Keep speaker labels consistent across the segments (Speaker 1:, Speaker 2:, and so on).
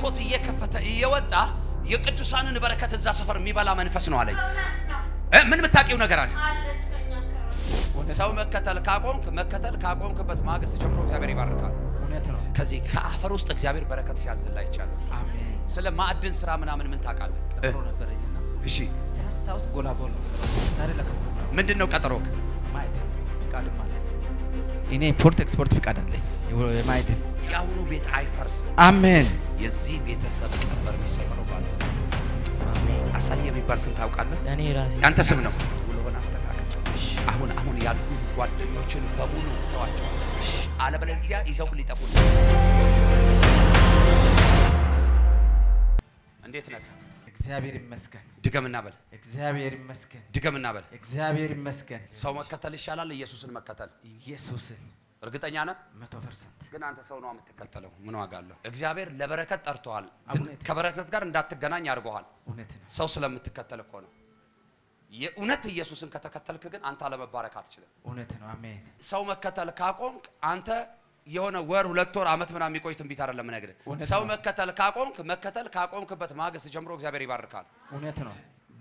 Speaker 1: መስኮት እየከፈተ እየወጣ የቅዱሳንን በረከት እዛ ሰፈር የሚበላ መንፈስ ነው አለኝ። ምን የምታውቂው ነገር አለ? ሰው መከተል ካቆምክ መከተል ካቆምክበት ማግስት ጀምሮ እግዚአብሔር ይባርካል። እውነት ነው። ከዚህ ከአፈር ውስጥ እግዚአብሔር በረከት ሲያዝላ ይቻላል። አሜን። ስለ ማዕድን ስራ ምናምን ምን ታውቃለህ? ቀጠሮ ነበረኝና፣ እሺ፣
Speaker 2: ሳስታውስ ጎላጎል ዛሬ ለቀ
Speaker 1: ምንድን ነው ቀጠሮክ?
Speaker 2: ማዕድን ፍቃድም አለኝ።
Speaker 3: እኔ ኢምፖርት ኤክስፖርት ፍቃድ አለኝ የማዕድን
Speaker 1: የአሁኑ ቤት አይፈርስ አሜን። የዚህ ቤተሰብ ነበር አሳየ የሚባል ስም ታውቃለህ? እኔ ራሴ ያንተ ስም ነው። ውሎህን አስተካክል። አሁን አሁን ያሉ ጓደኞችን በሙሉ ትተዋቸዋል፣ አለበለዚያ ይዘው ሊጠፉ። እንዴት ነህ?
Speaker 3: እግዚአብሔር ይመስገን። እግዚአብሔር
Speaker 1: ይመስገን።
Speaker 3: እግዚአብሔር ይመስገን።
Speaker 1: ሰው መከተል ይሻላል፣ ኢየሱስን መከተል።
Speaker 3: ኢየሱስን እርግጠኛ ነህ? መቶ ፐርሰንት።
Speaker 1: ግን አንተ ሰው ነው የምትከተለው፣ ምን ዋጋ አለው? እግዚአብሔር ለበረከት ጠርቶሃል፣ ከበረከት ጋር እንዳትገናኝ አድርጎሃል። እውነት ነው። ሰው ስለምትከተል እኮ ነው። የእውነት ኢየሱስን ከተከተልክ ግን አንተ አለመባረክ አትችልም።
Speaker 3: እውነት ነው። አሜን።
Speaker 1: ሰው መከተል ካቆምክ አንተ የሆነ ወር ሁለት ወር አመት ምናምን የሚቆይ ትንቢት አይደለም እነግርህ። ሰው መከተል ካቆምክ መከተል ካቆምክበት ማግስት ጀምሮ እግዚአብሔር ይባርካል። እውነት ነው።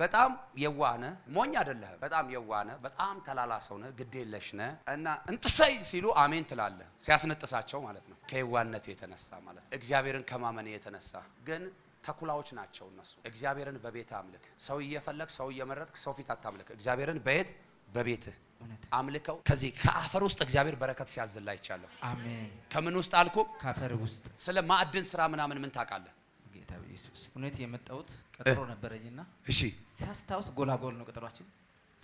Speaker 1: በጣም የዋነ ሞኝ አይደለህ። በጣም የዋነ በጣም ተላላ ሰው ነህ፣ ግድ የለሽ ነህ እና እንጥሰይ ሲሉ አሜን ትላለህ። ሲያስነጥሳቸው ማለት ነው። ከየዋነት የተነሳ ማለት እግዚአብሔርን ከማመን የተነሳ ግን ተኩላዎች ናቸው እነሱ። እግዚአብሔርን በቤት አምልክ። ሰው እየፈለግ ሰው እየመረጥክ ሰው ፊት አታምልክ። እግዚአብሔርን በየት በቤት አምልከው። ከዚህ ከአፈር ውስጥ እግዚአብሔር በረከት ሲያዝላ ይቻለሁ። አሜን። ከምን ውስጥ አልኩ?
Speaker 3: ከአፈር ውስጥ።
Speaker 1: ስለ ማዕድን ስራ ምናምን ምን ታውቃለህ?
Speaker 3: ጌታ ኢየሱስ እውነት የመጣሁት ቀጠሮ ነበረኝና፣
Speaker 1: እሺ
Speaker 2: ሳስታውስ ጎላጎል ነው ቀጠሯችን።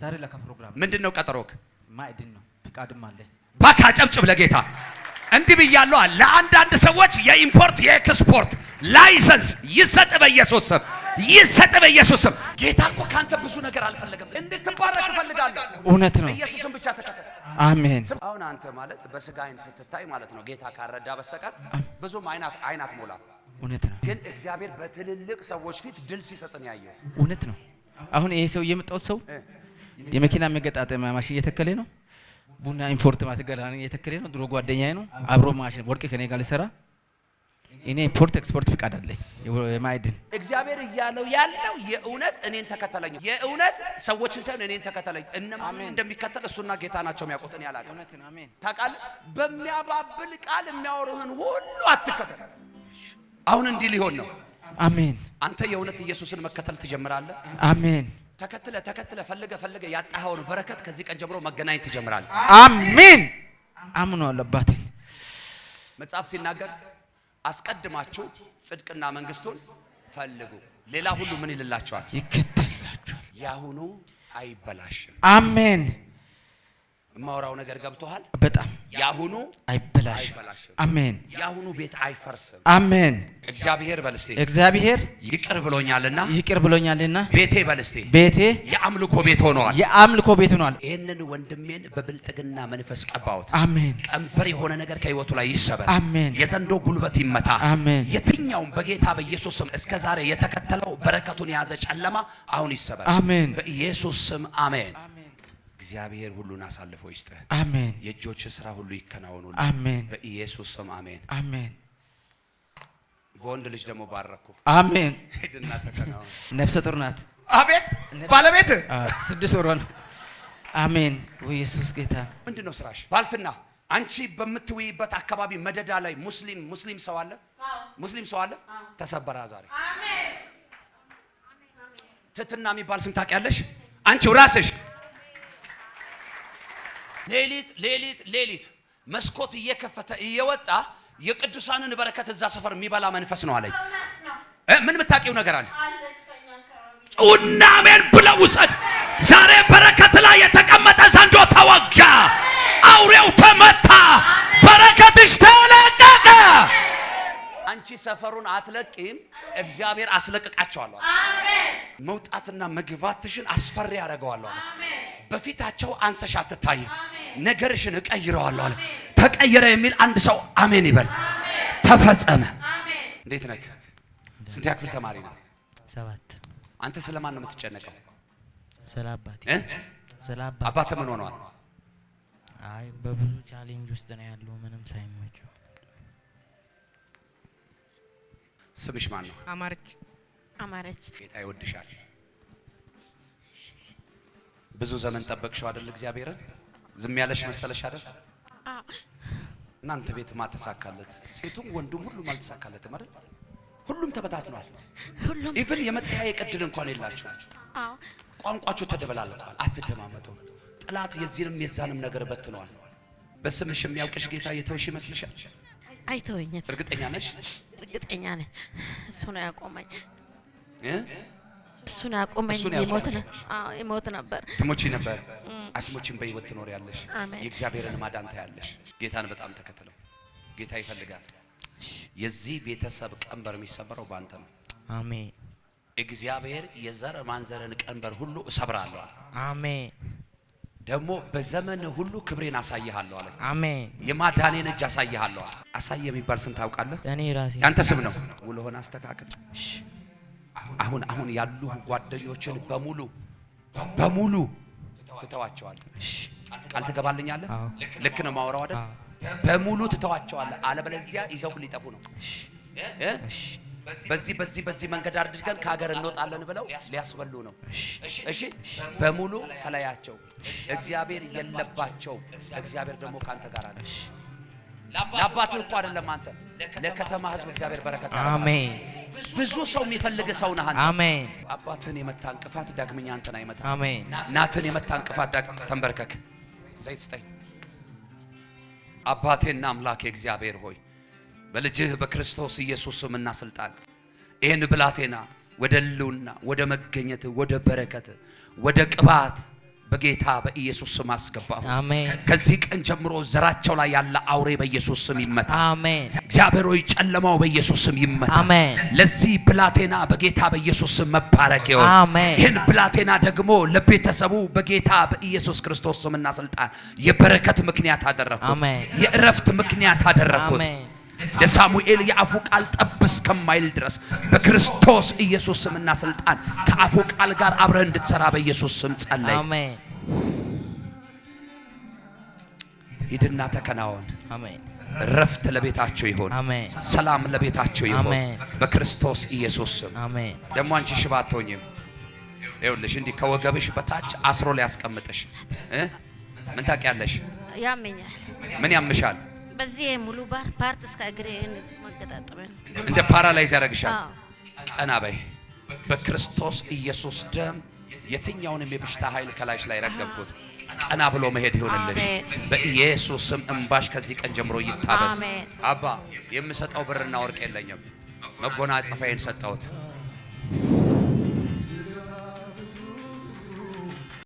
Speaker 2: ዛሬ ለካ ፕሮግራም
Speaker 1: ምንድን ነው? ቀጠሮክ
Speaker 3: ማዕድን ነው። ፍቃድም አለኝ።
Speaker 1: ባካ ጨብጭብ ለጌታ እንዲህ ብያለሁ። ለአንዳንድ ሰዎች የኢምፖርት የኤክስፖርት ላይሰንስ ይሰጥ በኢየሱስ ስም ይሰጥ በኢየሱስ ስም። ጌታ እኮ ካንተ ብዙ ነገር አልፈለገም። እንድትባረክ እፈልጋለሁ። እውነት ነው። ኢየሱስም ብቻ አሜን። አሁን አንተ ማለት በስጋ አይን ስትታይ ማለት ነው ጌታ ካረዳ በስተቀር ብዙም አይናት አይናት ሞላ እውነት ነው። ግን እግዚአብሔር በትልልቅ ሰዎች ፊት ድል ሲሰጥን ያየሁት
Speaker 3: እውነት ነው። አሁን ይሄ ሰው የመጣሁት ሰው የመኪና መገጣጠሚያ ማሽን እየተከለ ነው። ቡና ኢምፖርት ማትገራን እየተከለ ነው። ድሮ ጓደኛዬ ነው አብሮ ማሽን ወርቅ ከኔ ጋር ልሰራ እኔ ኢምፖርት ኤክስፖርት ፍቃድ አለኝ የማይድን
Speaker 1: እግዚአብሔር እያለው ያለው የእውነት እኔን ተከተለኝ፣ የእውነት ሰዎችን ሳይሆን እኔን ተከተለኝ። እነማን እንደሚከተል እሱና ጌታ ናቸው የሚያውቁት። እኔ አላውቅም። ታውቃለህ፣ በሚያባብል ቃል የሚያወሩህን ሁሉ አትከተል። አሁን እንዲህ ሊሆን ነው። አሜን። አንተ የእውነት ኢየሱስን መከተል ትጀምራለህ። አሜን። ተከትለ ተከትለ ፈልገ ፈልገ ያጣኸውን በረከት ከዚህ ቀን ጀምሮ መገናኘት ትጀምራለህ።
Speaker 3: አሜን። አምኖ አለባትኝ
Speaker 1: መጽሐፍ ሲናገር አስቀድማችሁ ጽድቅና መንግስቱን ፈልጉ፣ ሌላ ሁሉ ምን ይልላችኋል?
Speaker 3: ይከተልላችኋል።
Speaker 1: ያሁኑ አይበላሽም። አሜን። የማወራው ነገር ገብቶሃል? በጣም ያሁኑ
Speaker 3: አይበላሽ። አሜን።
Speaker 1: ያሁኑ ቤት አይፈርስም። አሜን። እግዚአብሔር በልስቴ እግዚአብሔር ይቅር ብሎኛልና
Speaker 3: ይቅር ብሎኛልና
Speaker 1: ቤቴ በልስቴ ቤቴ የአምልኮ ቤት ሆኗል።
Speaker 3: የአምልኮ ቤት ሆኗል።
Speaker 1: ይህንን ወንድሜን በብልጥግና መንፈስ ቀባሁት። አሜን። ቀንበር የሆነ ነገር ከህይወቱ ላይ ይሰበር። አሜን። የዘንዶ ጉልበት ይመታ። አሜን። የትኛውም በጌታ በኢየሱስ ስም እስከ ዛሬ የተከተለው በረከቱን የያዘ ጨለማ አሁን ይሰበር። አሜን። በኢየሱስ ስም አሜን። እግዚአብሔር ሁሉን አሳልፎ ይስጥህ። አሜን። የእጆች ስራ ሁሉ ይከናወኑልህ። አሜን። በኢየሱስ ስም አሜን። አሜን። በወንድ ልጅ ደግሞ ባረኩ።
Speaker 3: አሜን። ሂድና ተከናወን። ነፍሰ ጡር ናት።
Speaker 1: አቤት ባለቤት
Speaker 3: ስድስት ወሯ ነው። አሜን። ኢየሱስ ጌታ።
Speaker 1: ምንድን ነው ስራሽ? ባልትና አንቺ በምትውይበት አካባቢ መደዳ ላይ ሙስሊም ሙስሊም ሰው አለ፣ ሙስሊም ሰው አለ። ተሰበራ ዛሬ። አሜን። ትትና የሚባል ስም ታውቂያለሽ አንቺው ራስሽ ሌሊት ሌሊት ሌሊት መስኮት እየከፈተ እየወጣ የቅዱሳንን በረከት እዛ ሰፈር የሚበላ መንፈስ ነው አለኝ። ምን የምታውቂው ነገር አለ? ጩናሜን ብለው ውሰድ። ዛሬ በረከት ላይ የተቀመጠ ዘንዶ ተወጋ፣ አውሬው ተመታ፣ በረከትሽ ተለቀቀ። አንቺ ሰፈሩን አትለቂም፣ እግዚአብሔር አስለቅቃቸዋለሁ። መውጣትና መግባትሽን አስፈሪ ያደርገዋለሁ። በፊታቸው አንሰሽ አትታይም። ነገርሽን እቀይረዋለሁ አለ። ተቀየረ የሚል አንድ ሰው አሜን ይበል። ተፈጸመ። እንዴት ነህ? ስንት ያክፍል ተማሪ ነው? ሰባት አንተ ስለማን ነው የምትጨነቀው?
Speaker 3: ስለ አባቴ ስለ አባቴ።
Speaker 1: አባትህ ምን ሆነዋል?
Speaker 3: አይ በብዙ ቻሌንጅ ውስጥ ነው ያለው፣ ምንም ሳይመቸው። ስምሽ ማን ነው? አማረች አማረች።
Speaker 1: ጌታ ይወድሻል። ብዙ ዘመን ጠበቅሽው አይደል? እግዚአብሔርን ዝም ያለሽ መሰለሽ አይደል? እናንተ ቤት ማተሳካለት ሴቱም ወንዱም ሁሉም አልተሳካለትም አይደል? ሁሉም ተበታትኗል። ሁሉም ኢቭን የመጠያየቅ ዕድል እንኳን የላችሁ። ቋንቋቸው ተደበላልቋል። አትደማመጡ። ጠላት የዚህንም የዛንም ነገር በትነዋል። በስምሽ የሚያውቅሽ ጌታ የተውሽ ይመስልሻል? አይተወኝም። እርግጠኛ ነሽ?
Speaker 2: እርግጠኛ ነኝ። እሱ ነው ያቆመኝ። እሱን አቁም እንጂ ነበር።
Speaker 1: ትሞቺ ነበር አትሞቺም። በህይወት ትኖር ያለሽ የእግዚአብሔርን ማዳን ታያለሽ። ጌታን በጣም ተከትለው ጌታ ይፈልጋል። የዚህ ቤተሰብ ቀንበር የሚሰበረው በአንተ ነው። አሜን። እግዚአብሔር የዘር ማንዘርን ቀንበር ሁሉ እሰብራለሁ። አሜን። ደግሞ በዘመን ሁሉ ክብሬን አሳይሃለሁ አለ። አሜን። የማዳኔን እጅ አሳይሃለሁ አሳይ የሚባል ስም ታውቃለህ? እኔ ራሴ ያንተ ስም ነው። ውለሆን አስተካክል አሁን አሁን ያሉ ጓደኞችን በሙሉ በሙሉ ትተዋቸዋል። ቃል ትገባልኛለ? ልክ ነው ማወራው አይደል? በሙሉ ትተዋቸዋለህ። አለበለዚያ ይዘው ሊጠፉ ነው። በዚህ በዚህ በዚህ መንገድ አድርገን ከሀገር እንወጣለን ብለው ሊያስበሉ ነው። እሺ በሙሉ ተለያቸው። እግዚአብሔር የለባቸው እግዚአብሔር ደግሞ ከአንተ ጋር አለ። ለአባትህ እኮ አይደለም አንተ ለከተማ ህዝብ እግዚአብሔር በረከት አሜን ብዙ ሰው የሚፈልግ ሰው ነህ አንተ። አሜን። አባትህን የመታ እንቅፋት ዳግመኛ አንተን አይመታ። አሜን። እናትህን የመታ እንቅፋት ተንበርከክ። ዘይት ስጠኝ። አባቴና አምላኬ እግዚአብሔር ሆይ በልጅህ በክርስቶስ ኢየሱስ ስምና ስልጣን ይህን ብላቴና ወደ ህልውና፣ ወደ መገኘት፣ ወደ በረከት፣ ወደ ቅባት በጌታ በኢየሱስ ስም አስገባሁ። ከዚህ ቀን ጀምሮ ዘራቸው ላይ ያለ አውሬ በኢየሱስ ስም ይመታ። አሜን። እግዚአብሔር ሆይ ጨለማው በኢየሱስ ስም ይመታ። አሜን። ለዚህ ብላቴና በጌታ በኢየሱስ ስም መባረክ ይሁን። ይህን ብላቴና ደግሞ ለቤተሰቡ በጌታ በኢየሱስ ክርስቶስ ስምና ስልጣን የበረከት ምክንያት አደረኩት። የእረፍት ምክንያት አደረኩት። የሳሙኤል የአፉ ቃል ጠብ እስከማይል ድረስ በክርስቶስ ኢየሱስ ስምና ስልጣን ከአፉ ቃል ጋር አብረህ እንድትሰራ በኢየሱስ ስም ጸለይ። ሂድና ተከናወን። ረፍት ለቤታቸው ይሆን። ሰላም ለቤታቸው ይሆን። በክርስቶስ ኢየሱስ ስም አሜን። ደግሞ አንቺ ሽባ አትሆኝም። ይኸውልሽ እንዲህ ከወገብሽ በታች አስሮ ሊያስቀምጥሽ ምን ታውቂያለሽ? ያመኛል። ምን ያምሻል?
Speaker 2: በዚህ ሙሉ ፓርት እስከ እግሬ
Speaker 1: መገጣጠሚያ እንደ ፓራላይዝ ያደርግሻል። ቀና በይ። በክርስቶስ ኢየሱስ ደም የትኛውንም የበሽታ ኃይል ከላይሽ ላይ ረገብኩት። ቀና ብሎ መሄድ ይሆንልሽ በኢየሱስም። እንባሽ ከዚህ ቀን ጀምሮ ይታበስ። አባ የምሰጠው ብርና ወርቅ የለኝም፣ መጎናጸፊያዬን ሰጠሁት።